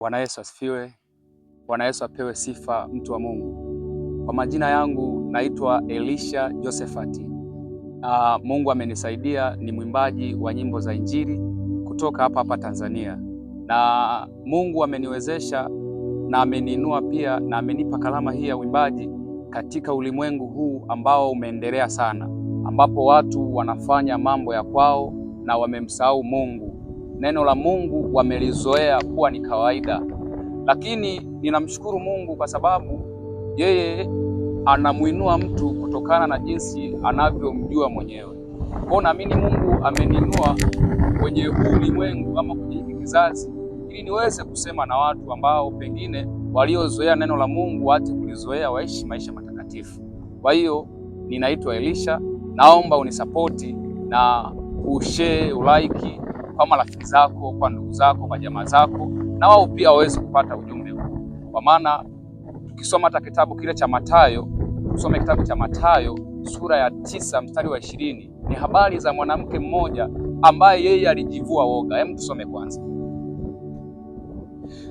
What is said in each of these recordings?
Bwana Yesu asifiwe. Bwana Yesu apewe sifa, mtu wa Mungu. Kwa majina yangu naitwa Elisha Josephati. Uh, ah, Mungu amenisaidia, ni mwimbaji wa nyimbo za injili kutoka hapa hapa Tanzania, na Mungu ameniwezesha na ameniinua pia na amenipa kalama hii ya uimbaji katika ulimwengu huu ambao umeendelea sana, ambapo watu wanafanya mambo ya kwao na wamemsahau Mungu neno la Mungu wamelizoea kuwa ni kawaida, lakini ninamshukuru Mungu kwa sababu yeye anamwinua mtu kutokana na jinsi anavyomjua mwenyewe. Kwa naamini Mungu ameniinua kwenye ulimwengu ama kwenye hiki kizazi ili niweze kusema na watu ambao pengine waliozoea neno la Mungu waache kulizoea, waishi maisha matakatifu. Kwa hiyo ninaitwa Elisha, naomba unisapoti na ushare, ulaiki kwa marafiki zako, kwa ndugu zako, kwa jamaa zako, na wao pia waweze kupata ujumbe huu, kwa maana tukisoma hata kitabu kile cha Mathayo, tusome kitabu cha Mathayo sura ya tisa mstari wa ishirini ni habari za mwanamke mmoja ambaye yeye alijivua woga. Hem, tusome kwanza.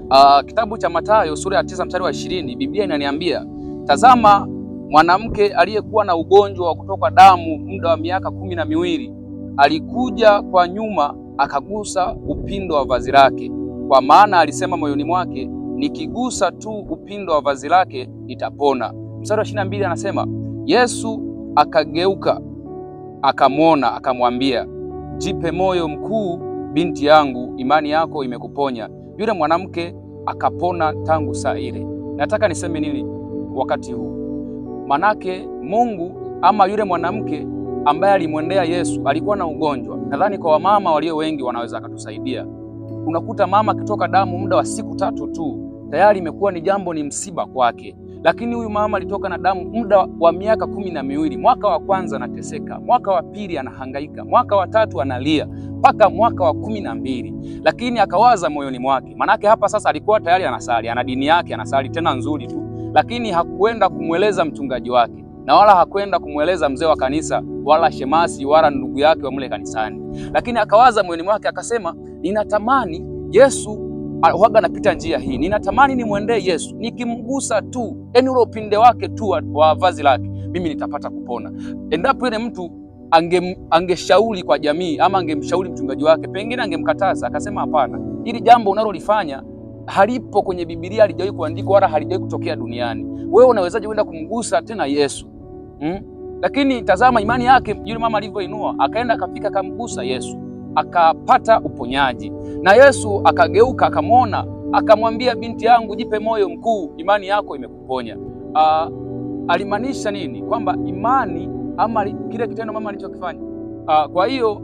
Uh, kitabu cha Mathayo sura ya tisa mstari wa ishirini Biblia inaniambia tazama, mwanamke aliyekuwa na ugonjwa wa kutoka damu muda wa miaka kumi na miwili alikuja kwa nyuma akagusa upindo wa vazi lake, kwa maana alisema moyoni mwake, nikigusa tu upindo wa vazi lake nitapona. Mstari wa 22 anasema Yesu akageuka akamwona, akamwambia, jipe moyo mkuu, binti yangu, imani yako imekuponya. Yule mwanamke akapona tangu saa ile. Nataka niseme nini wakati huu? Manake Mungu ama yule mwanamke ambaye alimwendea Yesu alikuwa na ugonjwa nadhani kwa wamama walio wengi wanaweza akatusaidia. Unakuta mama akitoka damu muda wa siku tatu tu tayari imekuwa ni jambo, ni msiba kwake, lakini huyu mama alitoka na damu muda wa miaka kumi na miwili. Mwaka wa kwanza anateseka, mwaka wa pili anahangaika, mwaka wa tatu analia, mpaka mwaka wa kumi na mbili. Lakini akawaza moyoni mwake, manake hapa sasa alikuwa tayari anasali, ana dini yake, anasali tena nzuri tu, lakini hakuenda kumweleza mchungaji wake na wala hakwenda kumweleza mzee wa kanisa wala shemasi wala ndugu yake wa mle kanisani, lakini akawaza moyoni mwake akasema, ninatamani Yesu huaga napita njia hii, ninatamani nimwendee Yesu, nikimgusa tu, yani ule upinde wake tu wa vazi lake, mimi nitapata kupona. Endapo yule mtu ange, angeshauri kwa jamii ama angemshauri mchungaji wake, pengine angemkataza akasema, hapana, ili jambo unalolifanya halipo kwenye Biblia, halijawahi kuandikwa wala halijawahi kutokea duniani. Wewe unawezaje kwenda kumgusa tena Yesu? mm? Lakini tazama imani yake yule mama alivyoinua, akaenda akafika, akamgusa Yesu, akapata uponyaji, na Yesu akageuka, akamwona, akamwambia, binti yangu, jipe moyo mkuu, imani yako imekuponya. Uh, alimaanisha nini? Kwamba imani ama kile kitendo mama alichokifanya. Uh, kwa hiyo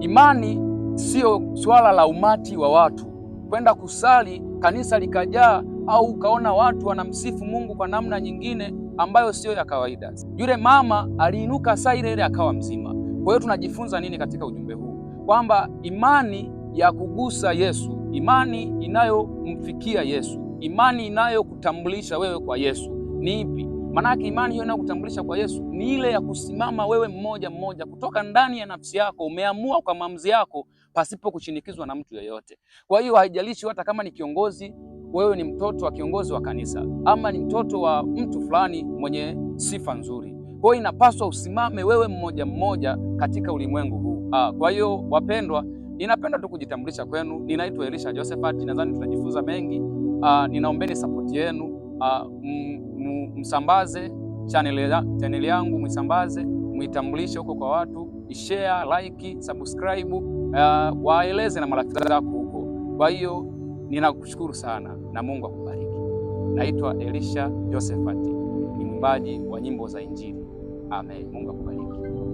imani sio swala la umati wa watu kwenda kusali kanisa likajaa au ukaona watu wanamsifu Mungu kwa namna nyingine ambayo siyo ya kawaida. Yule mama aliinuka saa ile ile akawa mzima. Kwa hiyo tunajifunza nini katika ujumbe huu? Kwamba imani ya kugusa Yesu, imani inayomfikia Yesu, imani inayokutambulisha wewe kwa Yesu ni ipi? Maanake imani hiyo inayokutambulisha kwa Yesu ni ile ya kusimama wewe mmoja mmoja, kutoka ndani ya nafsi yako, umeamua kwa maamuzi yako pasipo kushinikizwa na mtu yeyote. Kwa hiyo haijalishi hata kama ni kiongozi wewe ni mtoto wa kiongozi wa kanisa ama ni mtoto wa mtu fulani mwenye sifa nzuri. Kwa hiyo inapaswa usimame wewe mmoja mmoja katika ulimwengu huu. Ah, kwa hiyo wapendwa, ninapenda tu kujitambulisha kwenu. Ninaitwa Elisha Josephat, nadhani tutajifunza mengi. Ah, ninaombeni sapoti yenu. Ah, msambaze chaneli yangu, mwisambaze, mwitambulishe huko kwa watu, share, like, subscribe, uh, waeleze na marafiki zako huko. Kwa hiyo Ninakushukuru sana na Mungu akubariki. Naitwa Elisha Josephat, ni mwimbaji wa nyimbo za Injili. Amen. Mungu akubariki.